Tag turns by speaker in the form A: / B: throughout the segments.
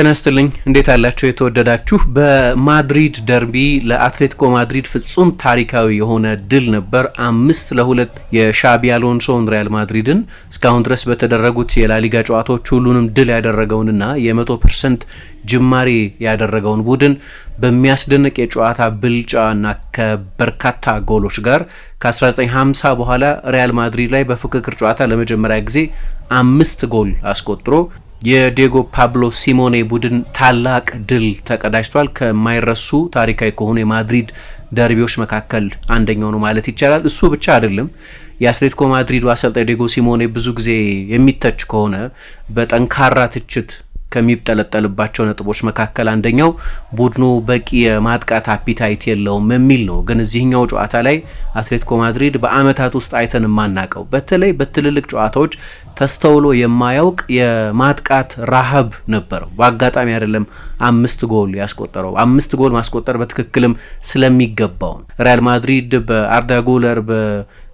A: ጤና ይስጥልኝ እንዴት አላችሁ የተወደዳችሁ። በማድሪድ ደርቢ ለአትሌቲኮ ማድሪድ ፍጹም ታሪካዊ የሆነ ድል ነበር። አምስት ለሁለት የሻቢ አሎንሶን ሪያል ማድሪድን እስካሁን ድረስ በተደረጉት የላሊጋ ጨዋታዎች ሁሉንም ድል ያደረገውንና የመቶ ፐርሰንት ጅማሬ ያደረገውን ቡድን በሚያስደንቅ የጨዋታ ብልጫና ከበርካታ ጎሎች ጋር ከ1950 በኋላ ሪያል ማድሪድ ላይ በፉክክር ጨዋታ ለመጀመሪያ ጊዜ አምስት ጎል አስቆጥሮ የዴጎ ፓብሎ ሲሞኔ ቡድን ታላቅ ድል ተቀዳጅቷል። ከማይረሱ ታሪካዊ ከሆኑ የማድሪድ ደርቢዎች መካከል አንደኛው ነው ማለት ይቻላል። እሱ ብቻ አይደለም። የአትሌቲኮ ማድሪዱ አሰልጣኝ ዴጎ ሲሞኔ ብዙ ጊዜ የሚተች ከሆነ በጠንካራ ትችት ከሚጠለጠልባቸው ነጥቦች መካከል አንደኛው ቡድኑ በቂ የማጥቃት አፒታይት የለውም የሚል ነው። ግን እዚህኛው ጨዋታ ላይ አትሌቲኮ ማድሪድ በአመታት ውስጥ አይተን የማናቀው በተለይ በትልልቅ ጨዋታዎች ተስተውሎ የማያውቅ የማጥቃት ረሃብ ነበረው። በአጋጣሚ አይደለም አምስት ጎል ያስቆጠረው፣ አምስት ጎል ማስቆጠር በትክክልም ስለሚገባው ሪያል ማድሪድ በአርዳ ጉለር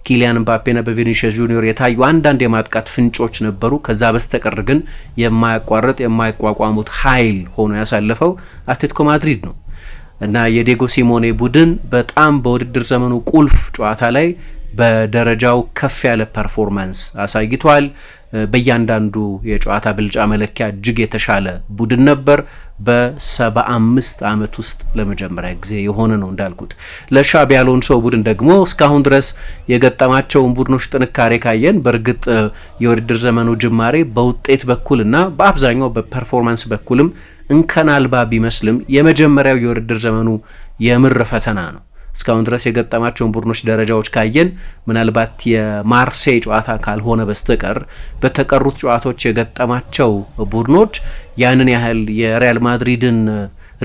A: በኪሊያን ምባፔና በቪኒሽስ ጁኒዮር የታዩ አንዳንድ የማጥቃት ፍንጮች ነበሩ። ከዛ በስተቀር ግን የማያቋርጥ የማይቋቋሙት ኃይል ሆኖ ያሳለፈው አትሌቲኮ ማድሪድ ነው እና የዴጎ ሲሞኔ ቡድን በጣም በውድድር ዘመኑ ቁልፍ ጨዋታ ላይ በደረጃው ከፍ ያለ ፐርፎርማንስ አሳይቷል። በእያንዳንዱ የጨዋታ ብልጫ መለኪያ እጅግ የተሻለ ቡድን ነበር። በሰባ አምስት ዓመት ውስጥ ለመጀመሪያ ጊዜ የሆነ ነው። እንዳልኩት ለሻቢ አሎንሶ ቡድን ደግሞ እስካሁን ድረስ የገጠማቸውን ቡድኖች ጥንካሬ ካየን በእርግጥ የውድድር ዘመኑ ጅማሬ በውጤት በኩል እና በአብዛኛው በፐርፎርማንስ በኩልም እንከን አልባ ቢመስልም የመጀመሪያው የውድድር ዘመኑ የምር ፈተና ነው። እስካሁን ድረስ የገጠማቸውን ቡድኖች ደረጃዎች ካየን ምናልባት የማርሴይ ጨዋታ ካልሆነ በስተቀር በተቀሩት ጨዋታዎች የገጠማቸው ቡድኖች ያንን ያህል የሪያል ማድሪድን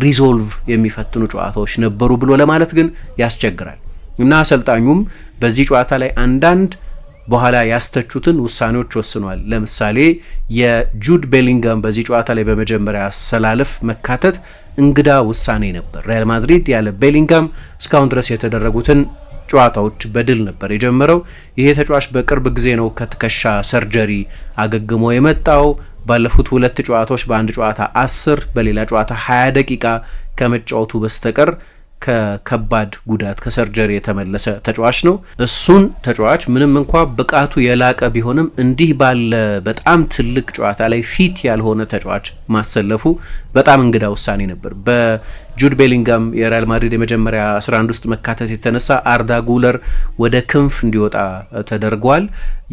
A: ሪዞልቭ የሚፈትኑ ጨዋታዎች ነበሩ ብሎ ለማለት ግን ያስቸግራል እና አሰልጣኙም በዚህ ጨዋታ ላይ አንዳንድ በኋላ ያስተቹትን ውሳኔዎች ወስኗል። ለምሳሌ የጁድ ቤሊንጋም በዚህ ጨዋታ ላይ በመጀመሪያ አሰላለፍ መካተት እንግዳ ውሳኔ ነበር። ሪያል ማድሪድ ያለ ቤሊንጋም እስካሁን ድረስ የተደረጉትን ጨዋታዎች በድል ነበር የጀመረው። ይሄ ተጫዋች በቅርብ ጊዜ ነው ከትከሻ ሰርጀሪ አገግሞ የመጣው። ባለፉት ሁለት ጨዋታዎች በአንድ ጨዋታ 10 በሌላ ጨዋታ 20 ደቂቃ ከመጫወቱ በስተቀር ከከባድ ጉዳት ከሰርጀሪ የተመለሰ ተጫዋች ነው። እሱን ተጫዋች ምንም እንኳ ብቃቱ የላቀ ቢሆንም እንዲህ ባለ በጣም ትልቅ ጨዋታ ላይ ፊት ያልሆነ ተጫዋች ማሰለፉ በጣም እንግዳ ውሳኔ ነበር። በጁድ ቤሊንጋም የሪያል ማድሪድ የመጀመሪያ 11 ውስጥ መካተት የተነሳ አርዳ ጉለር ወደ ክንፍ እንዲወጣ ተደርጓል።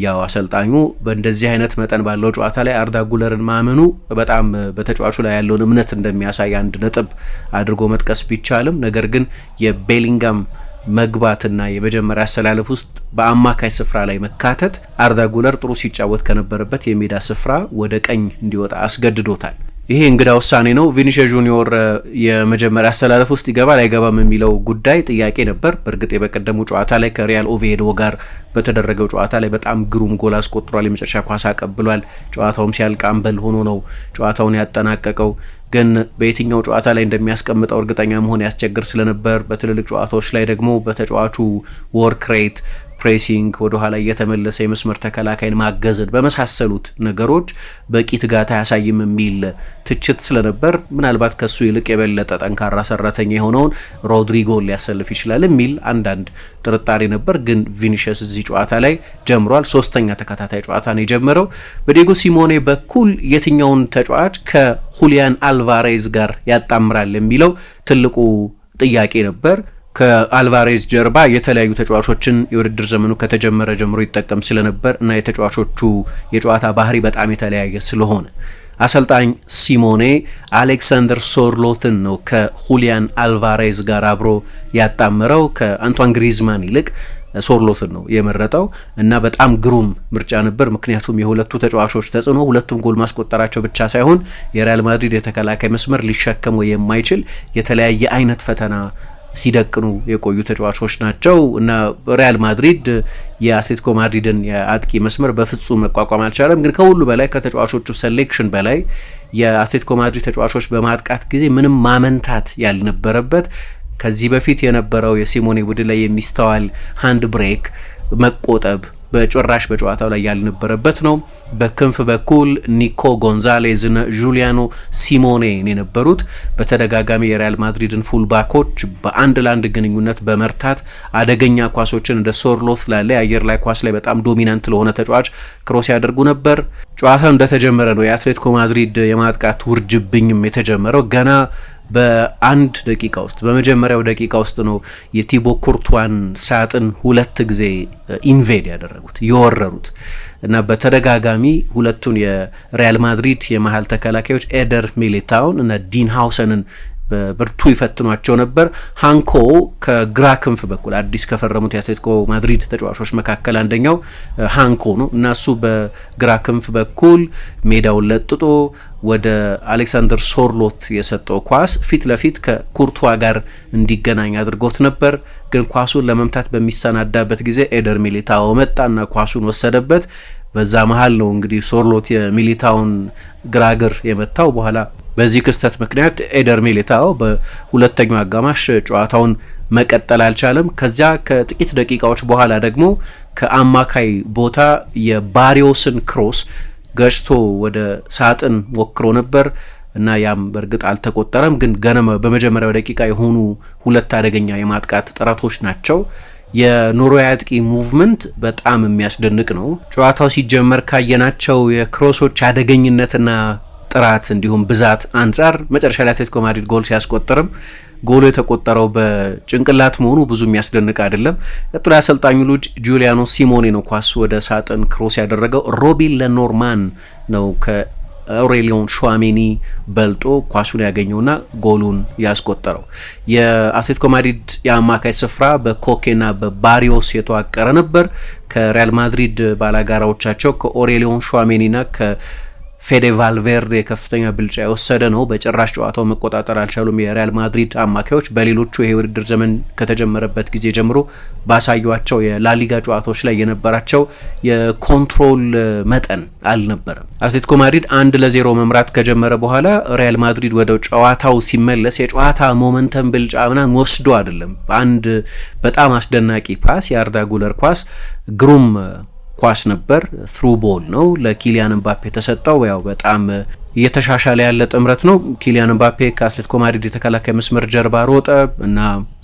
A: ያው አሰልጣኙ በእንደዚህ አይነት መጠን ባለው ጨዋታ ላይ አርዳ ጉለርን ማመኑ በጣም በተጫዋቹ ላይ ያለውን እምነት እንደሚያሳይ አንድ ነጥብ አድርጎ መጥቀስ ቢቻልም ነገር ግን ግን የቤሊንጋም መግባትና የመጀመሪያ አሰላለፍ ውስጥ በአማካይ ስፍራ ላይ መካተት አርዳ ጉለር ጥሩ ሲጫወት ከነበረበት የሜዳ ስፍራ ወደ ቀኝ እንዲወጣ አስገድዶታል። ይሄ እንግዳ ውሳኔ ነው። ቪኒሽ ጁኒዮር የመጀመሪያ አሰላለፍ ውስጥ ይገባል አይገባም የሚለው ጉዳይ ጥያቄ ነበር። በእርግጥ የበቀደሙ ጨዋታ ላይ ከሪያል ኦቪዬዶ ጋር በተደረገው ጨዋታ ላይ በጣም ግሩም ጎል አስቆጥሯል። የመጨረሻ ኳስ አቀብሏል። ጨዋታውም ሲያልቅ አምበል ሆኖ ነው ጨዋታውን ያጠናቀቀው። ግን በየትኛው ጨዋታ ላይ እንደሚያስቀምጠው እርግጠኛ መሆን ያስቸግር ስለነበር በትልልቅ ጨዋታዎች ላይ ደግሞ በተጫዋቹ ወርክ ሬት ፕሬሲንግ፣ ወደኋላ እየተመለሰ የመስመር ተከላካይን ማገዝን በመሳሰሉት ነገሮች በቂ ትጋት አያሳይም የሚል ትችት ስለነበር ምናልባት ከሱ ይልቅ የበለጠ ጠንካራ ሰራተኛ የሆነውን ሮድሪጎን ሊያሰልፍ ይችላል የሚል አንዳንድ ጥርጣሬ ነበር። ግን ቪኒሽስ እዚህ ጨዋታ ላይ ጀምሯል። ሶስተኛ ተከታታይ ጨዋታ ነው የጀመረው። በዲየጎ ሲሞኔ በኩል የትኛውን ተጫዋች ከሁሊያን አልቫሬዝ ጋር ያጣምራል የሚለው ትልቁ ጥያቄ ነበር። ከአልቫሬዝ ጀርባ የተለያዩ ተጫዋቾችን የውድድር ዘመኑ ከተጀመረ ጀምሮ ይጠቀም ስለነበር እና የተጫዋቾቹ የጨዋታ ባህሪ በጣም የተለያየ ስለሆነ አሰልጣኝ ሲሞኔ አሌክሳንደር ሶርሎትን ነው ከሁሊያን አልቫሬዝ ጋር አብሮ ያጣመረው። ከአንቷን ግሪዝማን ይልቅ ሶርሎትን ነው የመረጠው እና በጣም ግሩም ምርጫ ነበር። ምክንያቱም የሁለቱ ተጫዋቾች ተጽዕኖ ሁለቱም ጎል ማስቆጠራቸው ብቻ ሳይሆን የሪያል ማድሪድ የተከላካይ መስመር ሊሸከመው የማይችል የተለያየ አይነት ፈተና ሲደቅኑ የቆዩ ተጫዋቾች ናቸው እና ሪያል ማድሪድ የአትሌቲኮ ማድሪድን የአጥቂ መስመር በፍጹም መቋቋም አልቻለም። ግን ከሁሉ በላይ ከተጫዋቾቹ ሴሌክሽን በላይ የአትሌቲኮ ማድሪድ ተጫዋቾች በማጥቃት ጊዜ ምንም ማመንታት ያልነበረበት ከዚህ በፊት የነበረው የሲሞኔ ቡድን ላይ የሚስተዋል ሃንድ ብሬክ መቆጠብ በጭራሽ በጨዋታው ላይ ያልነበረበት ነው። በክንፍ በኩል ኒኮ ጎንዛሌዝን ጁሊያኖ ሲሞኔን የነበሩት በተደጋጋሚ የሪያል ማድሪድን ፉልባኮች በአንድ ለአንድ ግንኙነት በመርታት አደገኛ ኳሶችን እንደ ሶርሎት ላለ የአየር ላይ ኳስ ላይ በጣም ዶሚናንት ለሆነ ተጫዋች ክሮስ ያደርጉ ነበር። ጨዋታው እንደተጀመረ ነው የአትሌቲኮ ማድሪድ የማጥቃት ውርጅብኝም የተጀመረው ገና በአንድ ደቂቃ ውስጥ በመጀመሪያው ደቂቃ ውስጥ ነው የቲቦ ኩርቷን ሳጥን ሁለት ጊዜ ኢንቬድ uh, ያደረጉት የወረሩት እና በተደጋጋሚ ሁለቱን የሪያል ማድሪድ የመሀል ተከላካዮች ኤደር ሚሊታውን እና ዲን ሃውሰንን በብርቱ ይፈትኗቸው ነበር። ሃንኮ ከግራ ክንፍ በኩል አዲስ ከፈረሙት የአትሌቲኮ ማድሪድ ተጫዋቾች መካከል አንደኛው ሃንኮ ነው እና እሱ በግራ ክንፍ በኩል ሜዳውን ለጥጦ ወደ አሌክሳንደር ሶርሎት የሰጠው ኳስ ፊት ለፊት ከኩርቷ ጋር እንዲገናኝ አድርጎት ነበር። ግን ኳሱን ለመምታት በሚሰናዳበት ጊዜ ኤደር ሚሊታው መጣና ኳሱን ወሰደበት። በዛ መሀል ነው እንግዲህ ሶርሎት የሚሊታውን ግራግር የመታው። በኋላ በዚህ ክስተት ምክንያት ኤደር ሚሊታው በሁለተኛው አጋማሽ ጨዋታውን መቀጠል አልቻለም። ከዚያ ከጥቂት ደቂቃዎች በኋላ ደግሞ ከአማካይ ቦታ የባሪዮስን ክሮስ ገጭቶ ወደ ሳጥን ሞክሮ ነበር እና ያም በእርግጥ አልተቆጠረም። ግን ገነመ በመጀመሪያው ደቂቃ የሆኑ ሁለት አደገኛ የማጥቃት ጥረቶች ናቸው። የኖርዌይ አጥቂ ሙቭመንት በጣም የሚያስደንቅ ነው። ጨዋታው ሲጀመር ካየናቸው የክሮሶች አደገኝነትና ጥራት እንዲሁም ብዛት አንጻር መጨረሻ ላይ አትሌቲኮ ማድሪድ ጎል ሲያስቆጥርም ጎሉ የተቆጠረው በጭንቅላት መሆኑ ብዙ የሚያስደንቅ አይደለም። ቀጥሎ የአሰልጣኙ ልጅ ጁሊያኖ ሲሞኔ ነው ኳስ ወደ ሳጥን ክሮስ ያደረገው። ሮቢን ለኖርማን ነው ከኦሬሊዮን ሸዋሜኒ በልጦ ኳሱን ያገኘውና ጎሉን ያስቆጠረው። የአትሌቲኮ ማድሪድ የአማካይ ስፍራ በኮኬና በባሪዮስ የተዋቀረ ነበር። ከሪያል ማድሪድ ባላጋራዎቻቸው ከኦሬሊዮን ሸዋሜኒና ፌዴ ቫልቬርዴ ከፍተኛ ብልጫ የወሰደ ነው። በጭራሽ ጨዋታው መቆጣጠር አልቻሉም። የሪያል ማድሪድ አማካዮች በሌሎቹ ይሄ ውድድር ዘመን ከተጀመረበት ጊዜ ጀምሮ ባሳዩቸው የላሊጋ ጨዋታዎች ላይ የነበራቸው የኮንትሮል መጠን አልነበረም። አትሌቲኮ ማድሪድ አንድ ለዜሮ መምራት ከጀመረ በኋላ ሪያል ማድሪድ ወደ ጨዋታው ሲመለስ የጨዋታ ሞመንተም ብልጫ ምናምን ወስዶ አይደለም። አንድ በጣም አስደናቂ ፓስ የአርዳ ጉለር ኳስ ግሩም ኳስ ነበር። ትሩ ቦል ነው ለኪሊያን ምባፔ የተሰጠው። ያው በጣም እየተሻሻለ ያለ ጥምረት ነው። ኪሊያን ምባፔ ከአትሌቲኮ ማድሪድ የተከላካይ መስመር ጀርባ ሮጠ እና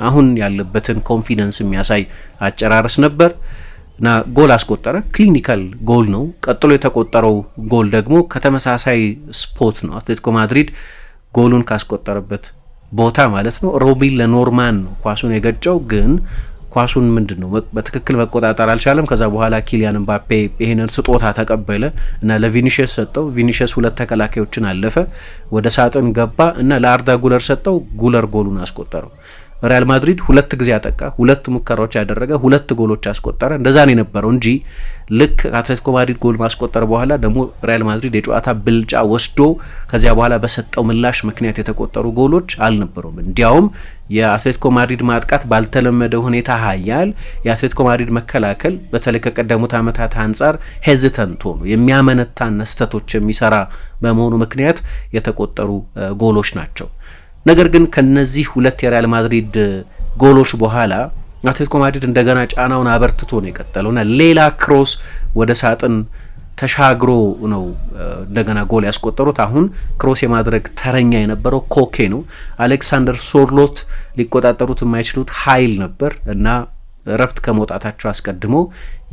A: አሁን ያለበትን ኮንፊደንስ የሚያሳይ አጨራረስ ነበር እና ጎል አስቆጠረ። ክሊኒካል ጎል ነው። ቀጥሎ የተቆጠረው ጎል ደግሞ ከተመሳሳይ ስፖት ነው። አትሌቲኮ ማድሪድ ጎሉን ካስቆጠረበት ቦታ ማለት ነው። ሮቢን ለኖርማን ኳሱን የገጨው ግን ኳሱን ምንድን ነው በትክክል መቆጣጠር አልቻለም። ከዛ በኋላ ኪሊያን ምባፔ ይህንን ስጦታ ተቀበለ እና ለቪኒሽስ ሰጠው። ቪኒሽስ ሁለት ተከላካዮችን አለፈ፣ ወደ ሳጥን ገባ እና ለአርዳ ጉለር ሰጠው። ጉለር ጎሉን አስቆጠረው። ሪያል ማድሪድ ሁለት ጊዜ አጠቃ፣ ሁለት ሙከራዎች ያደረገ፣ ሁለት ጎሎች ያስቆጠረ እንደዛ ነው የነበረው እንጂ ልክ አትሌቲኮ ማድሪድ ጎል ማስቆጠር በኋላ ደግሞ ሪያል ማድሪድ የጨዋታ ብልጫ ወስዶ ከዚያ በኋላ በሰጠው ምላሽ ምክንያት የተቆጠሩ ጎሎች አልነበሩም። እንዲያውም የአትሌቲኮ ማድሪድ ማጥቃት ባልተለመደ ሁኔታ ሀያል፣ የአትሌቲኮ ማድሪድ መከላከል በተለይ ከቀደሙት ዓመታት አንጻር ሄዝተንት ሆኖ የሚያመነታን ስህተቶች የሚሰራ በመሆኑ ምክንያት የተቆጠሩ ጎሎች ናቸው። ነገር ግን ከነዚህ ሁለት የሪያል ማድሪድ ጎሎች በኋላ አትሌቲኮ ማድሪድ እንደገና ጫናውን አበርትቶ ነው የቀጠለው ና ሌላ ክሮስ ወደ ሳጥን ተሻግሮ ነው እንደገና ጎል ያስቆጠሩት። አሁን ክሮስ የማድረግ ተረኛ የነበረው ኮኬ ነው። አሌክሳንደር ሶርሎት ሊቆጣጠሩት የማይችሉት ኃይል ነበር እና እረፍት ከመውጣታቸው አስቀድሞ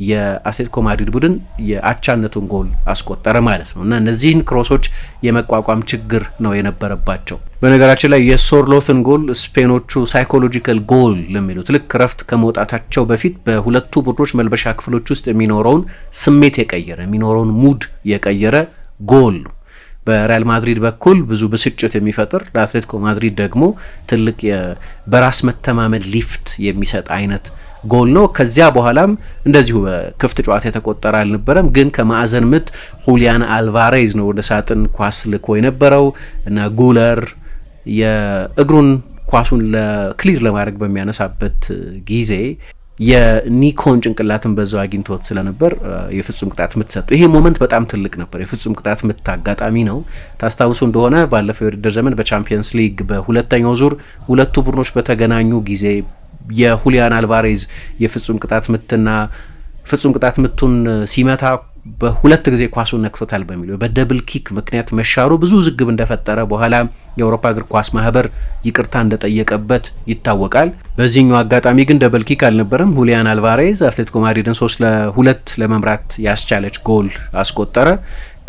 A: የአትሌቲኮ ማድሪድ ቡድን የአቻነቱን ጎል አስቆጠረ ማለት ነው እና እነዚህን ክሮሶች የመቋቋም ችግር ነው የነበረባቸው። በነገራችን ላይ የሶርሎትን ጎል ስፔኖቹ ሳይኮሎጂካል ጎል ለሚሉት ልክ እረፍት ከመውጣታቸው በፊት በሁለቱ ቡድኖች መልበሻ ክፍሎች ውስጥ የሚኖረውን ስሜት የቀየረ የሚኖረውን ሙድ የቀየረ ጎል በሪያል ማድሪድ በኩል ብዙ ብስጭት የሚፈጥር ለአትሌቲኮ ማድሪድ ደግሞ ትልቅ በራስ መተማመን ሊፍት የሚሰጥ አይነት ጎል ነው። ከዚያ በኋላም እንደዚሁ በክፍት ጨዋታ የተቆጠረ አልነበረም፣ ግን ከማዕዘን ምት ሁሊያን አልቫሬዝ ነው ወደ ሳጥን ኳስ ልኮ የነበረው እና ጉለር የእግሩን ኳሱን ለክሊር ለማድረግ በሚያነሳበት ጊዜ የኒኮን ጭንቅላትን በዛው አግኝቶት ስለነበር የፍጹም ቅጣት ምት ሰጡ። ይሄ ሞመንት በጣም ትልቅ ነበር። የፍጹም ቅጣት ምት አጋጣሚ ነው። ታስታውሱ እንደሆነ ባለፈው የውድድር ዘመን በቻምፒየንስ ሊግ በሁለተኛው ዙር ሁለቱ ቡድኖች በተገናኙ ጊዜ የሁሊያን አልቫሬዝ የፍጹም ቅጣት ምትና ፍጹም ቅጣት ምቱን ሲመታ በሁለት ጊዜ ኳሱን ነክቶታል በሚለው በደብል ኪክ ምክንያት መሻሩ ብዙ ውዝግብ እንደፈጠረ በኋላ የአውሮፓ እግር ኳስ ማህበር ይቅርታ እንደጠየቀበት ይታወቃል። በዚህኛው አጋጣሚ ግን ደብል ኪክ አልነበረም። ሁሊያን አልቫሬዝ አትሌቲኮ ማድሪድን ሶስት ለሁለት ለመምራት ያስቻለች ጎል አስቆጠረ።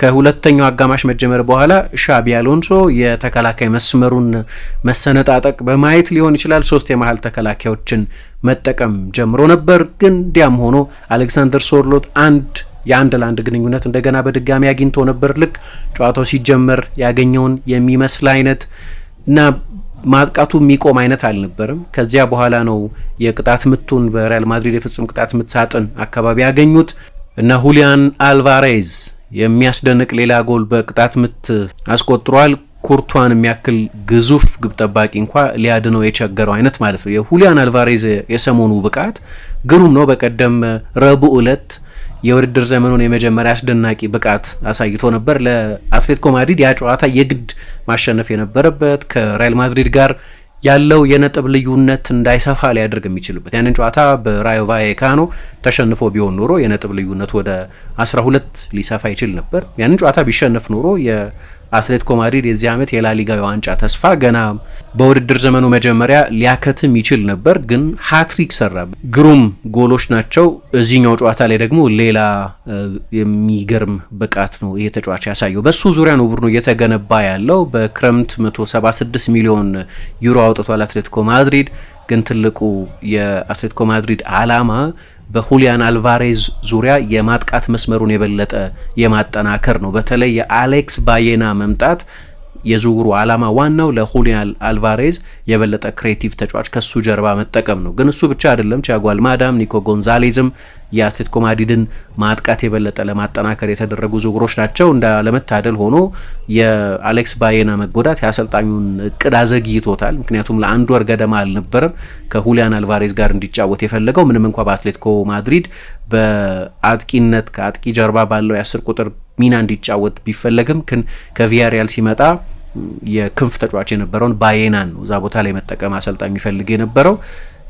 A: ከሁለተኛው አጋማሽ መጀመር በኋላ ሻቢ አሎንሶ የተከላካይ መስመሩን መሰነጣጠቅ በማየት ሊሆን ይችላል ሶስት የመሀል ተከላካዮችን መጠቀም ጀምሮ ነበር። ግን እንዲያም ሆኖ አሌክሳንደር ሶርሎት አንድ የአንድ ለአንድ ግንኙነት እንደገና በድጋሚ አግኝቶ ነበር። ልክ ጨዋታው ሲጀመር ያገኘውን የሚመስል አይነት እና ማጥቃቱ የሚቆም አይነት አልነበርም። ከዚያ በኋላ ነው የቅጣት ምቱን በሪያል ማድሪድ የፍጹም ቅጣት ምት ሳጥን አካባቢ ያገኙት እና ሁሊያን አልቫሬዝ የሚያስደንቅ ሌላ ጎል በቅጣት ምት አስቆጥሯል። ኩርቷን የሚያክል ግዙፍ ግብ ጠባቂ እንኳ ሊያድነው የቸገረው አይነት ማለት ነው። የሁሊያን አልቫሬዝ የሰሞኑ ብቃት ግሩም ነው። በቀደም ረቡዕ ዕለት የውድድር ዘመኑን የመጀመሪያ አስደናቂ ብቃት አሳይቶ ነበር። ለአትሌቲኮ ማድሪድ ያ ጨዋታ የግድ ማሸነፍ የነበረበት ከሪያል ማድሪድ ጋር ያለው የነጥብ ልዩነት እንዳይሰፋ ሊያደርግ የሚችልበት ያንን ጨዋታ በራዮ ቫዬካኖ ተሸንፎ ቢሆን ኖሮ የነጥብ ልዩነቱ ወደ 12 ሊሰፋ ይችል ነበር። ያንን ጨዋታ ቢሸነፍ ኖሮ አትሌቲኮ ማድሪድ የዚህ ዓመት የላሊጋ ዋንጫ ተስፋ ገና በውድድር ዘመኑ መጀመሪያ ሊያከትም ይችል ነበር፣ ግን ሀትሪክ ሰራ። ግሩም ጎሎች ናቸው። እዚህኛው ጨዋታ ላይ ደግሞ ሌላ የሚገርም ብቃት ነው ይህ ተጫዋች ያሳየው። በሱ ዙሪያ ነው ቡድኑ እየተገነባ ያለው። በክረምት 176 ሚሊዮን ዩሮ አውጥቷል አትሌቲኮ ማድሪድ። ግን ትልቁ የአትሌቲኮ ማድሪድ አላማ በሁሊያን አልቫሬዝ ዙሪያ የማጥቃት መስመሩን የበለጠ የማጠናከር ነው። በተለይ የአሌክስ ባየና መምጣት የዝውውሩ ዓላማ ዋናው ለሁሊያን አልቫሬዝ የበለጠ ክሬቲቭ ተጫዋች ከሱ ጀርባ መጠቀም ነው። ግን እሱ ብቻ አይደለም። ቲያጎ አልማዳም ኒኮ ጎንዛሌዝም የአትሌቲኮ ማድሪድን ማጥቃት የበለጠ ለማጠናከር የተደረጉ ዝውውሮች ናቸው። እንዳለመታደል ሆኖ የአሌክስ ባየና መጎዳት የአሰልጣኙን እቅድ አዘግይቶታል። ምክንያቱም ለአንድ ወር ገደማ አልነበረም ከሁሊያን አልቫሬዝ ጋር እንዲጫወት የፈለገው ምንም እንኳ በአትሌቲኮ ማድሪድ በአጥቂነት ከአጥቂ ጀርባ ባለው የአስር ቁጥር ሚና እንዲጫወት ቢፈለግም ግን ከቪያሪያል ሲመጣ የክንፍ ተጫዋች የነበረውን ባየናን ነው እዛ ቦታ ላይ መጠቀም አሰልጣኝ ይፈልግ የነበረው።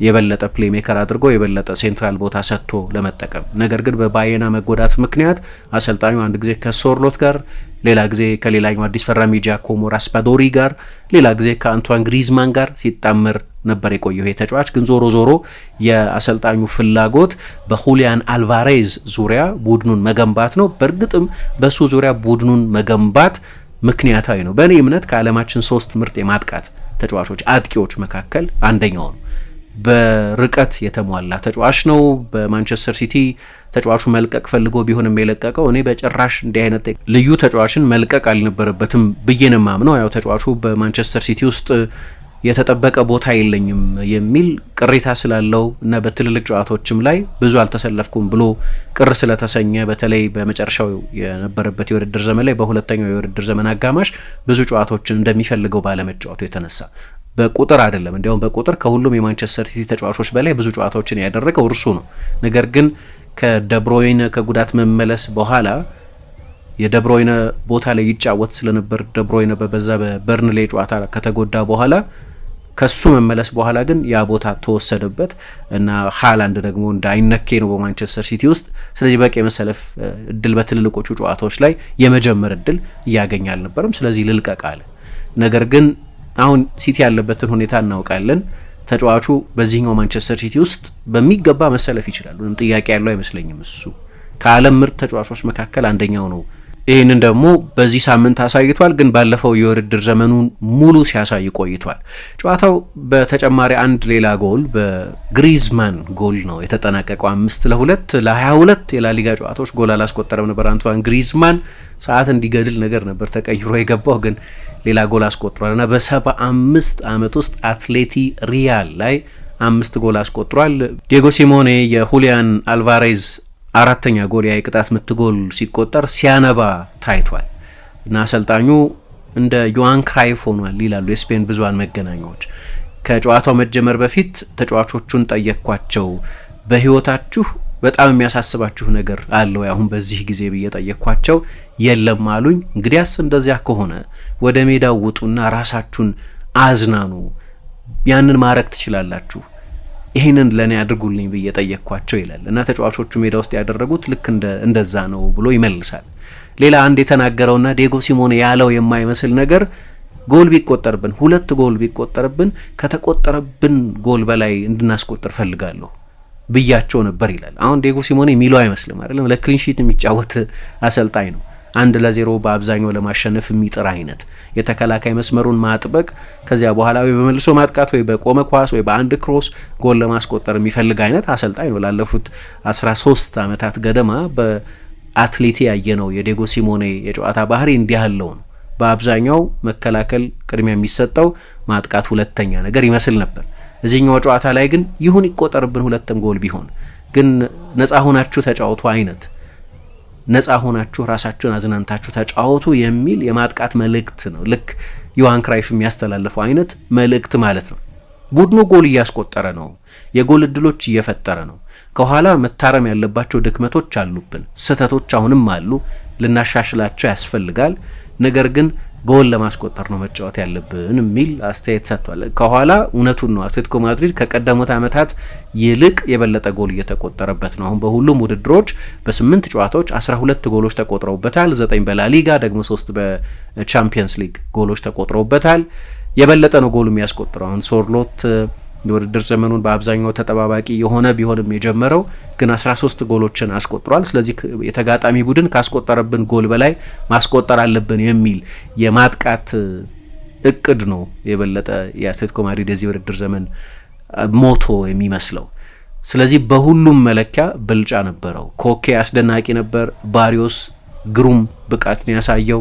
A: የበለጠ ፕሌሜከር አድርጎ የበለጠ ሴንትራል ቦታ ሰጥቶ ለመጠቀም ነገር ግን በባየና መጎዳት ምክንያት አሰልጣኙ አንድ ጊዜ ከሶርሎት ጋር ሌላ ጊዜ ከሌላኛው አዲስ ፈራሚ ጃኮሞ ራስፓዶሪ ጋር ሌላ ጊዜ ከአንቷን ግሪዝማን ጋር ሲጣመር ነበር የቆየው ይሄ ተጫዋች። ግን ዞሮ ዞሮ የአሰልጣኙ ፍላጎት በሁሊያን አልቫሬዝ ዙሪያ ቡድኑን መገንባት ነው። በእርግጥም በሱ ዙሪያ ቡድኑን መገንባት ምክንያታዊ ነው። በእኔ እምነት ከዓለማችን ሶስት ምርጥ የማጥቃት ተጫዋቾች አጥቂዎች መካከል አንደኛው ነው። በርቀት የተሟላ ተጫዋች ነው። በማንቸስተር ሲቲ ተጫዋቹ መልቀቅ ፈልጎ ቢሆንም የለቀቀው እኔ በጭራሽ እንዲህ አይነት ልዩ ተጫዋችን መልቀቅ አልነበረበትም ብዬ ነው የማምነው። ያው ተጫዋቹ በማንቸስተር ሲቲ ውስጥ የተጠበቀ ቦታ የለኝም የሚል ቅሬታ ስላለው እና በትልልቅ ጨዋታዎችም ላይ ብዙ አልተሰለፍኩም ብሎ ቅር ስለተሰኘ በተለይ በመጨረሻው የነበረበት የውድድር ዘመን ላይ በሁለተኛው የውድድር ዘመን አጋማሽ ብዙ ጨዋታዎችን እንደሚፈልገው ባለመጫወቱ የተነሳ በቁጥር አይደለም። እንዲያውም በቁጥር ከሁሉም የማንቸስተር ሲቲ ተጫዋቾች በላይ ብዙ ጨዋታዎችን ያደረገው እርሱ ነው። ነገር ግን ከደብሮይነ ከጉዳት መመለስ በኋላ የደብሮይነ ቦታ ላይ ይጫወት ስለነበር ደብሮይነ በበዛ በበርንሌ ጨዋታ ከተጎዳ በኋላ ከሱ መመለስ በኋላ ግን ያ ቦታ ተወሰደበት እና ሃላንድ ደግሞ እንዳይነኬ ነው በማንቸስተር ሲቲ ውስጥ። ስለዚህ በቂ የመሰለፍ እድል በትልልቆቹ ጨዋታዎች ላይ የመጀመር እድል እያገኘ አልነበርም። ስለዚህ ልልቀቅ አለ። ነገር ግን አሁን ሲቲ ያለበትን ሁኔታ እናውቃለን። ተጫዋቹ በዚህኛው ማንቸስተር ሲቲ ውስጥ በሚገባ መሰለፍ ይችላል። ምንም ጥያቄ ያለው አይመስለኝም። እሱ ከዓለም ምርጥ ተጫዋቾች መካከል አንደኛው ነው። ይህንን ደግሞ በዚህ ሳምንት አሳይቷል። ግን ባለፈው የውድድር ዘመኑን ሙሉ ሲያሳይ ቆይቷል። ጨዋታው በተጨማሪ አንድ ሌላ ጎል በግሪዝማን ጎል ነው የተጠናቀቀው። አምስት ለሁለት ለ22 የላሊጋ ጨዋታዎች ጎል አላስቆጠረም ነበር አንቷን ግሪዝማን። ሰዓት እንዲገድል ነገር ነበር ተቀይሮ የገባው ግን ሌላ ጎል አስቆጥሯል እና በሰባ አምስት ዓመት ውስጥ አትሌቲ ሪያል ላይ አምስት ጎል አስቆጥሯል። ዲየጎ ሲሞኔ የሁሊያን አልቫሬዝ አራተኛ ጎል ያ የቅጣት ምት ጎል ሲቆጠር ሲያነባ ታይቷል እና አሰልጣኙ እንደ ዮሃን ክራይፍ ሆኗል ይላሉ የስፔን ብዙሃን መገናኛዎች። ከጨዋታው መጀመር በፊት ተጫዋቾቹን ጠየቅኳቸው በህይወታችሁ በጣም የሚያሳስባችሁ ነገር አለው አሁን በዚህ ጊዜ ብዬ ጠየቅኳቸው። የለም አሉኝ። እንግዲያስ እንደዚያ ከሆነ ወደ ሜዳ ውጡና ራሳችሁን አዝናኑ፣ ያንን ማድረግ ትችላላችሁ፣ ይህንን ለእኔ አድርጉልኝ ብዬ ጠየቅኳቸው ይላል እና ተጫዋቾቹ ሜዳ ውስጥ ያደረጉት ልክ እንደዛ ነው ብሎ ይመልሳል። ሌላ አንድ የተናገረውና ዴጎ ሲሞኔ ያለው የማይመስል ነገር ጎል ቢቆጠርብን ሁለት ጎል ቢቆጠርብን ከተቆጠረብን ጎል በላይ እንድናስቆጥር ፈልጋለሁ ብያቸው ነበር ይላል። አሁን ዴጎ ሲሞኔ የሚለው አይመስልም አይደለም። ለክሊንሺት የሚጫወት አሰልጣኝ ነው። አንድ ለዜሮ በአብዛኛው ለማሸነፍ የሚጥር አይነት የተከላካይ መስመሩን ማጥበቅ፣ ከዚያ በኋላ ወይ በመልሶ ማጥቃት ወይ በቆመ ኳስ ወይ በአንድ ክሮስ ጎል ለማስቆጠር የሚፈልግ አይነት አሰልጣኝ ነው። ላለፉት 13 ዓመታት ገደማ በአትሌቲ ያየ ነው የዴጎ ሲሞኔ የጨዋታ ባህሪ እንዲህ ያለው ነው። በአብዛኛው መከላከል ቅድሚያ የሚሰጠው ማጥቃት ሁለተኛ ነገር ይመስል ነበር። እዚህኛው ጨዋታ ላይ ግን ይሁን ይቆጠርብን ሁለትም ጎል ቢሆን ግን ነጻ ሆናችሁ ተጫወቱ አይነት ነጻ ሆናችሁ ራሳችሁን አዝናንታችሁ ተጫወቱ የሚል የማጥቃት መልእክት ነው። ልክ ዮሐን ክራይፍ የሚያስተላልፈው አይነት መልእክት ማለት ነው። ቡድኑ ጎል እያስቆጠረ ነው። የጎል እድሎች እየፈጠረ ነው። ከኋላ መታረም ያለባቸው ድክመቶች አሉብን፣ ስህተቶች አሁንም አሉ፣ ልናሻሽላቸው ያስፈልጋል። ነገር ግን ጎል ለማስቆጠር ነው መጫወት ያለብን የሚል አስተያየት ሰጥቷል። ከኋላ እውነቱን ነው። አትሌቲኮ ማድሪድ ከቀደሙት ዓመታት ይልቅ የበለጠ ጎል እየተቆጠረበት ነው። አሁን በሁሉም ውድድሮች በስምንት ጨዋታዎች 12 ጎሎች ተቆጥረውበታል። ዘጠኝ በላሊጋ ደግሞ ሶስት በቻምፒየንስ ሊግ ጎሎች ተቆጥረውበታል። የበለጠ ነው ጎል የሚያስቆጥረው አሁን ሶርሎት የውድድር ዘመኑን በአብዛኛው ተጠባባቂ የሆነ ቢሆንም የጀመረው ግን 13 ጎሎችን አስቆጥሯል። ስለዚህ የተጋጣሚ ቡድን ካስቆጠረብን ጎል በላይ ማስቆጠር አለብን የሚል የማጥቃት እቅድ ነው የበለጠ የአትሌቲኮ ማድሪድ የዚህ ውድድር ዘመን ሞቶ የሚመስለው። ስለዚህ በሁሉም መለኪያ ብልጫ ነበረው። ኮኬ አስደናቂ ነበር። ባሪዮስ ግሩም ብቃትን ያሳየው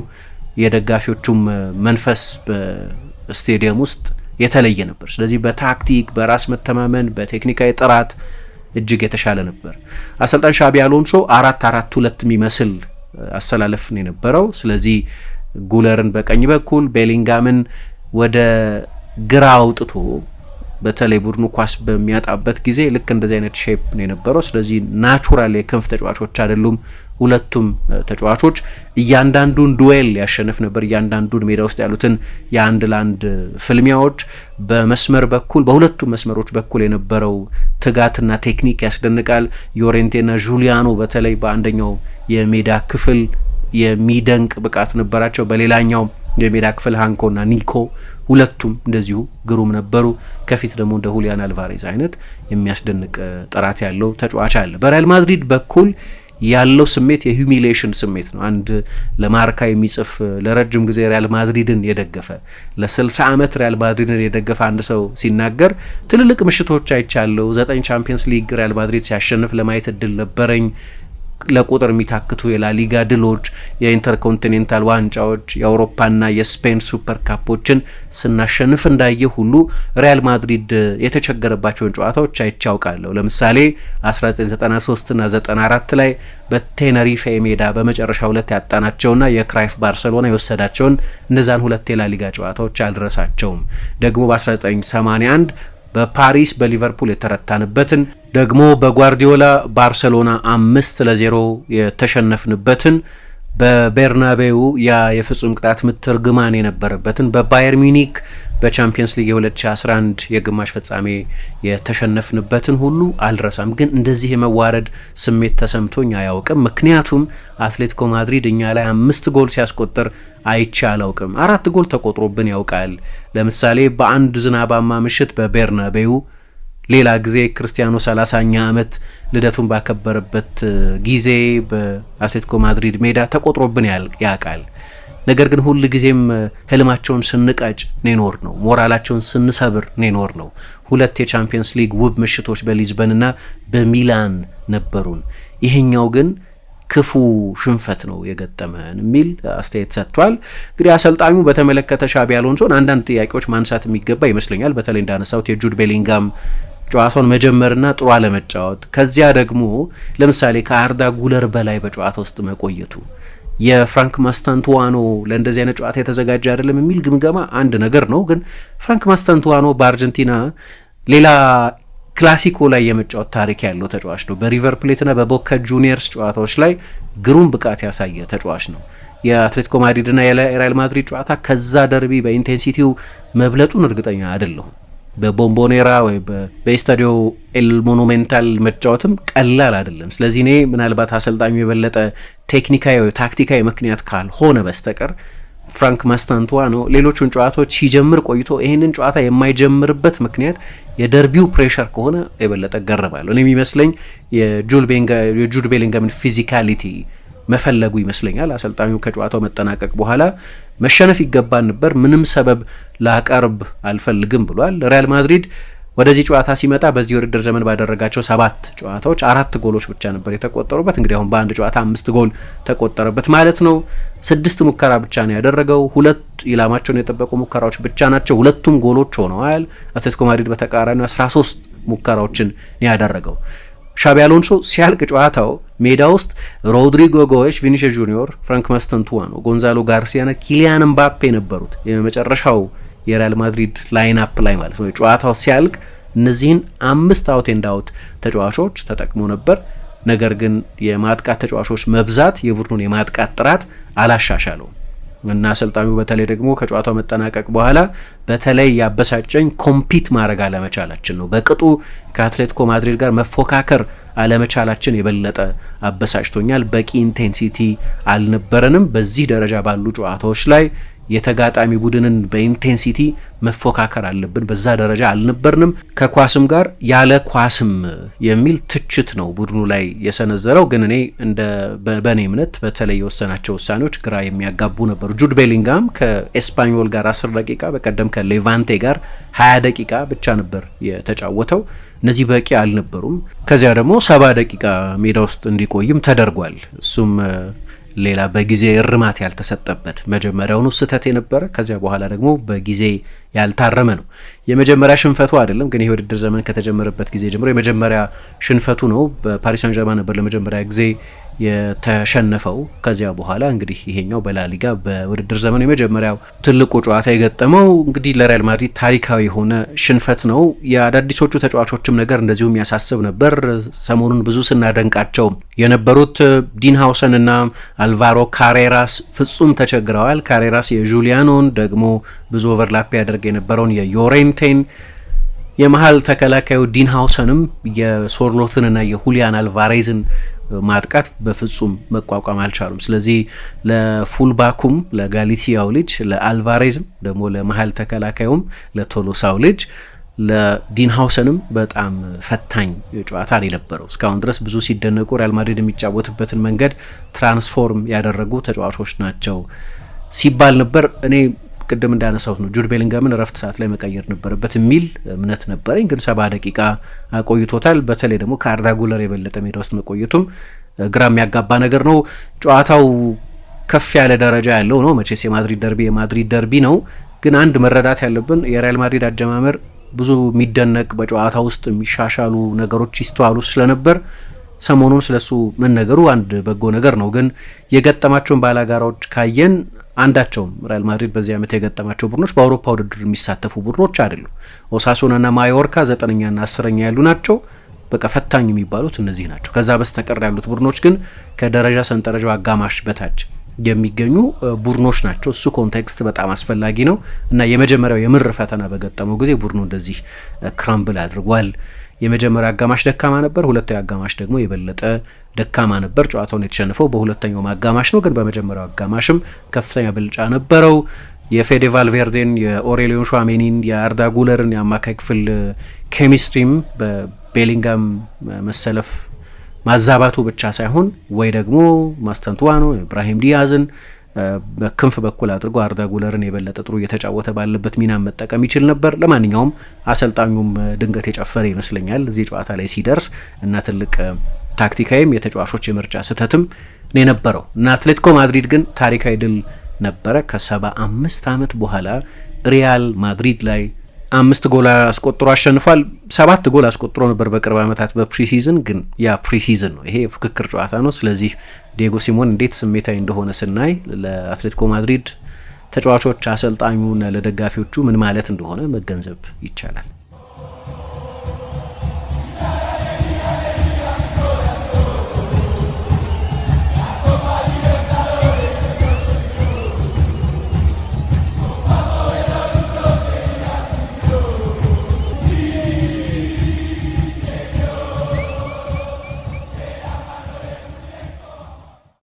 A: የደጋፊዎቹም መንፈስ በስቴዲየም ውስጥ የተለየ ነበር። ስለዚህ በታክቲክ በራስ መተማመን በቴክኒካዊ ጥራት እጅግ የተሻለ ነበር። አሰልጣኝ ሻቢ አሎንሶ አራት አራት ሁለት የሚመስል አሰላለፍ ነው የነበረው። ስለዚህ ጉለርን በቀኝ በኩል ቤሊንጋምን ወደ ግራ አውጥቶ በተለይ ቡድኑ ኳስ በሚያጣበት ጊዜ ልክ እንደዚህ አይነት ሼፕ ነው የነበረው። ስለዚህ ናቹራል የክንፍ ተጫዋቾች አይደሉም ሁለቱም ተጫዋቾች። እያንዳንዱን ዱዌል ያሸንፍ ነበር፣ እያንዳንዱን ሜዳ ውስጥ ያሉትን የአንድ ለአንድ ፍልሚያዎች። በመስመር በኩል በሁለቱም መስመሮች በኩል የነበረው ትጋትና ቴክኒክ ያስደንቃል። ዮሬንቴና ጁሊያኖ በተለይ በአንደኛው የሜዳ ክፍል የሚደንቅ ብቃት ነበራቸው። በሌላኛው የሜዳ ክፍል ሃንኮና ኒኮ ሁለቱም እንደዚሁ ግሩም ነበሩ። ከፊት ደግሞ እንደ ሁሊያን አልቫሬዝ አይነት የሚያስደንቅ ጥራት ያለው ተጫዋች አለ። በሪያል ማድሪድ በኩል ያለው ስሜት የሁሚሌሽን ስሜት ነው። አንድ ለማርካ የሚጽፍ ለረጅም ጊዜ ሪያል ማድሪድን የደገፈ ለ60 ዓመት ሪያል ማድሪድን የደገፈ አንድ ሰው ሲናገር ትልልቅ ምሽቶች አይቻለው። ዘጠኝ ቻምፒየንስ ሊግ ሪያል ማድሪድ ሲያሸንፍ ለማየት እድል ነበረኝ ለቁጥር የሚታክቱ የላሊጋ ድሎች፣ የኢንተርኮንቲኔንታል ዋንጫዎች፣ የአውሮፓና የስፔን ሱፐር ካፖችን ስናሸንፍ እንዳየ ሁሉ ሪያል ማድሪድ የተቸገረባቸውን ጨዋታዎች አይቻውቃለሁ። አውቃለሁ። ለምሳሌ 1993ና 94 ላይ በቴነሪፌ ሜዳ በመጨረሻ ሁለት ያጣናቸውና የክራይፍ ባርሰሎና የወሰዳቸውን እነዛን ሁለት የላሊጋ ጨዋታዎች አልረሳቸውም። ደግሞ በ1981 በፓሪስ በሊቨርፑል የተረታንበትን ደግሞ በጓርዲዮላ ባርሴሎና አምስት ለዜሮ የተሸነፍንበትን በቤርናቤው ያ የፍጹም ቅጣት ምት እርግማን የነበረበትን በባየር ሚኒክ በቻምፒየንስ ሊግ የ2011 የግማሽ ፍጻሜ የተሸነፍንበትን ሁሉ አልረሳም። ግን እንደዚህ የመዋረድ ስሜት ተሰምቶኝ አያውቅም። ምክንያቱም አትሌቲኮ ማድሪድ እኛ ላይ አምስት ጎል ሲያስቆጥር አይቼ አላውቅም። አራት ጎል ተቆጥሮብን ያውቃል። ለምሳሌ በአንድ ዝናባማ ምሽት በቤርናቤው ሌላ ጊዜ ክርስቲያኖ 30ኛ ዓመት ልደቱን ባከበረበት ጊዜ በአትሌቲኮ ማድሪድ ሜዳ ተቆጥሮብን ያውቃል። ነገር ግን ሁል ጊዜም ህልማቸውን ስንቀጭ ኔኖር ነው፣ ሞራላቸውን ስንሰብር ኔኖር ነው። ሁለት የቻምፒየንስ ሊግ ውብ ምሽቶች በሊዝበንና በሚላን ነበሩን። ይሄኛው ግን ክፉ ሽንፈት ነው የገጠመን የሚል አስተያየት ሰጥቷል። እንግዲህ አሰልጣኙ በተመለከተ ሻቢ አሎንሶን አንዳንድ ጥያቄዎች ማንሳት የሚገባ ይመስለኛል። በተለይ እንዳነሳሁት የጁድ ቤሊንጋም ጨዋታውን መጀመርና ጥሩ አለመጫወት፣ ከዚያ ደግሞ ለምሳሌ ከአርዳ ጉለር በላይ በጨዋታ ውስጥ መቆየቱ የፍራንክ ማስታንቱዋኖ ለእንደዚህ አይነት ጨዋታ የተዘጋጀ አይደለም የሚል ግምገማ አንድ ነገር ነው። ግን ፍራንክ ማስታንቱዋኖ በአርጀንቲና ሌላ ክላሲኮ ላይ የመጫወት ታሪክ ያለው ተጫዋች ነው። በሪቨር ፕሌትና በቦካ ጁኒየርስ ጨዋታዎች ላይ ግሩም ብቃት ያሳየ ተጫዋች ነው። የአትሌቲኮ ማድሪድና የሪያል ማድሪድ ጨዋታ ከዛ ደርቢ በኢንቴንሲቲው መብለጡን እርግጠኛ አይደለሁም። በቦምቦኔራ ወይ በኤስታዲዮ ኤል ሞኑሜንታል መጫወትም ቀላል አይደለም። ስለዚህ እኔ ምናልባት አሰልጣኙ የበለጠ ቴክኒካዊ ወይ ታክቲካዊ ምክንያት ካልሆነ በስተቀር ፍራንክ ማስታንቷ ነው ሌሎቹን ጨዋታዎች ሲጀምር ቆይቶ ይህንን ጨዋታ የማይጀምርበት ምክንያት የደርቢው ፕሬሸር ከሆነ የበለጠ ገረባለሁ። እኔ የሚመስለኝ የጁድ ቤሊንገምን ፊዚካሊቲ መፈለጉ ይመስለኛል። አሰልጣኙ ከጨዋታው መጠናቀቅ በኋላ መሸነፍ ይገባን ነበር፣ ምንም ሰበብ ላቀርብ አልፈልግም ብሏል። ሪያል ማድሪድ ወደዚህ ጨዋታ ሲመጣ በዚህ የውድድር ዘመን ባደረጋቸው ሰባት ጨዋታዎች አራት ጎሎች ብቻ ነበር የተቆጠሩበት። እንግዲህ አሁን በአንድ ጨዋታ አምስት ጎል ተቆጠረበት ማለት ነው። ስድስት ሙከራ ብቻ ነው ያደረገው። ሁለት ኢላማቸውን የጠበቁ ሙከራዎች ብቻ ናቸው። ሁለቱም ጎሎች ሆነዋል። አትሌቲኮ ማድሪድ በተቃራኒ 13 ሙከራዎችን ያደረገው ሻቢ አሎንሶ ሲያልቅ ጨዋታው ሜዳ ውስጥ ሮድሪጎ ጎሽ፣ ቪኒሽ ጁኒዮር፣ ፍራንክ ማስተንቱዋኖ፣ ጎንዛሎ ጋርሲያና ኪሊያን ምባፔ ነበሩት። የመጨረሻው የሪያል ማድሪድ ላይንአፕ ላይ ማለት ነው። ጨዋታው ሲያልቅ እነዚህን አምስት አውት ኤንድ አውት ተጫዋቾች ተጠቅሞ ነበር። ነገር ግን የማጥቃት ተጫዋቾች መብዛት የቡድኑን የማጥቃት ጥራት አላሻሻለውም። እና አሰልጣኙ በተለይ ደግሞ ከጨዋታው መጠናቀቅ በኋላ በተለይ ያበሳጨኝ ኮምፒት ማድረግ አለመቻላችን ነው። በቅጡ ከአትሌቲኮ ማድሪድ ጋር መፎካከር አለመቻላችን የበለጠ አበሳጭቶኛል። በቂ ኢንቴንሲቲ አልነበረንም። በዚህ ደረጃ ባሉ ጨዋታዎች ላይ የተጋጣሚ ቡድንን በኢንቴንሲቲ መፎካከር አለብን። በዛ ደረጃ አልነበርንም ከኳስም ጋር ያለ ኳስም የሚል ትችት ነው ቡድኑ ላይ የሰነዘረው። ግን እኔ እንደ በእኔ እምነት በተለይ የወሰናቸው ውሳኔዎች ግራ የሚያጋቡ ነበሩ። ጁድ ቤሊንጋም ከኤስፓኞል ጋር 10 ደቂቃ በቀደም ከሌቫንቴ ጋር 20 ደቂቃ ብቻ ነበር የተጫወተው። እነዚህ በቂ አልነበሩም። ከዚያ ደግሞ ሰባ ደቂቃ ሜዳ ውስጥ እንዲቆይም ተደርጓል እሱም ሌላ በጊዜ እርማት ያልተሰጠበት መጀመሪያውኑ ስህተት የነበረ ከዚያ በኋላ ደግሞ በጊዜ ያልታረመ ነው። የመጀመሪያ ሽንፈቱ አይደለም፣ ግን ይህ ውድድር ዘመን ከተጀመረበት ጊዜ ጀምሮ የመጀመሪያ ሽንፈቱ ነው። በፓሪስ ሳን ጀርማ ነበር ለመጀመሪያ ጊዜ የተሸነፈው። ከዚያ በኋላ እንግዲህ ይሄኛው በላሊጋ በውድድር ዘመኑ የመጀመሪያው ትልቁ ጨዋታ የገጠመው እንግዲህ ለሪያል ማድሪድ ታሪካዊ የሆነ ሽንፈት ነው። የአዳዲሶቹ ተጫዋቾችም ነገር እንደዚሁ የሚያሳስብ ነበር። ሰሞኑን ብዙ ስናደንቃቸው የነበሩት ዲን ሀውሰን እና አልቫሮ ካሬራስ ፍጹም ተቸግረዋል። ካሬራስ የጁሊያኖን ደግሞ ብዙ ኦቨርላፕ ያደርግ የነበረውን የዮሬንቴን የመሀል ተከላካዩ ዲን ሀውሰንም የሶርሎትንና የሁሊያን አልቫሬዝን ማጥቃት በፍጹም መቋቋም አልቻሉም። ስለዚህ ለፉልባኩም ለጋሊሲያው ልጅ ለአልቫሬዝም ደግሞ ለመሀል ተከላካዩም ለቶሎሳው ልጅ ለዲንሃውሰንም በጣም ፈታኝ ጨዋታ የነበረው። እስካሁን ድረስ ብዙ ሲደነቁ ሪያል ማድሪድ የሚጫወትበትን መንገድ ትራንስፎርም ያደረጉ ተጫዋቾች ናቸው ሲባል ነበር እኔ ቅድም እንዳነሳሁት ነው ጁድ ቤሊንጋምን እረፍት ሰዓት ላይ መቀየር ነበረበት የሚል እምነት ነበረኝ። ግን ሰባ ደቂቃ ቆይቶታል። በተለይ ደግሞ ከአርዳ ጉለር የበለጠ ሜዳ ውስጥ መቆየቱም ግራ የሚያጋባ ነገር ነው። ጨዋታው ከፍ ያለ ደረጃ ያለው ነው። መቼስ የማድሪድ ደርቢ የማድሪድ ደርቢ ነው። ግን አንድ መረዳት ያለብን የሪያል ማድሪድ አጀማመር ብዙ የሚደነቅ በጨዋታ ውስጥ የሚሻሻሉ ነገሮች ይስተዋሉ ስለነበር ሰሞኑን ስለሱ መነገሩ አንድ በጎ ነገር ነው። ግን የገጠማቸውን ባላጋራዎች ካየን አንዳቸውም ሪያል ማድሪድ በዚህ ዓመት የገጠማቸው ቡድኖች በአውሮፓ ውድድር የሚሳተፉ ቡድኖች አይደሉም። ኦሳሱናና ማዮርካ ዘጠነኛና አስረኛ ያሉ ናቸው። በቃ ፈታኝ የሚባሉት እነዚህ ናቸው። ከዛ በስተቀር ያሉት ቡድኖች ግን ከደረጃ ሰንጠረዥ አጋማሽ በታች የሚገኙ ቡድኖች ናቸው። እሱ ኮንቴክስት በጣም አስፈላጊ ነው እና የመጀመሪያው የምር ፈተና በገጠመው ጊዜ ቡድኑ እንደዚህ ክራምብል አድርጓል። የመጀመሪያ አጋማሽ ደካማ ነበር፣ ሁለተኛ አጋማሽ ደግሞ የበለጠ ደካማ ነበር። ጨዋታውን የተሸንፈው በሁለተኛው አጋማሽ ነው፣ ግን በመጀመሪያው አጋማሽም ከፍተኛ ብልጫ ነበረው። የፌዴ ቫልቬርዴን የኦሬሊዮን ሿሜኒን የአርዳ ጉለርን የአማካይ ክፍል ኬሚስትሪም በቤሊንጋም መሰለፍ ማዛባቱ ብቻ ሳይሆን ወይ ደግሞ ማስተንትዋኖ ኢብራሂም ዲያዝን በክንፍ በኩል አድርጎ አርዳ ጉለርን የበለጠ ጥሩ እየተጫወተ ባለበት ሚና መጠቀም ይችል ነበር። ለማንኛውም አሰልጣኙም ድንገት የጨፈረ ይመስለኛል እዚህ ጨዋታ ላይ ሲደርስ እና ትልቅ ታክቲካዊም የተጫዋቾች የምርጫ ስህተትም ነው የነበረው እና አትሌቲኮ ማድሪድ ግን ታሪካዊ ድል ነበረ ከሰባ አምስት ዓመት በኋላ ሪያል ማድሪድ ላይ አምስት ጎል አስቆጥሮ አሸንፏል። ሰባት ጎል አስቆጥሮ ነበር በቅርብ ዓመታት በፕሪሲዝን ግን ያ ፕሪሲዝን ነው። ይሄ የፉክክር ጨዋታ ነው። ስለዚህ ዲየጎ ሲሞን እንዴት ስሜታዊ እንደሆነ ስናይ ለአትሌቲኮ ማድሪድ ተጫዋቾች፣ አሰልጣኙና ለደጋፊዎቹ ምን ማለት እንደሆነ መገንዘብ ይቻላል።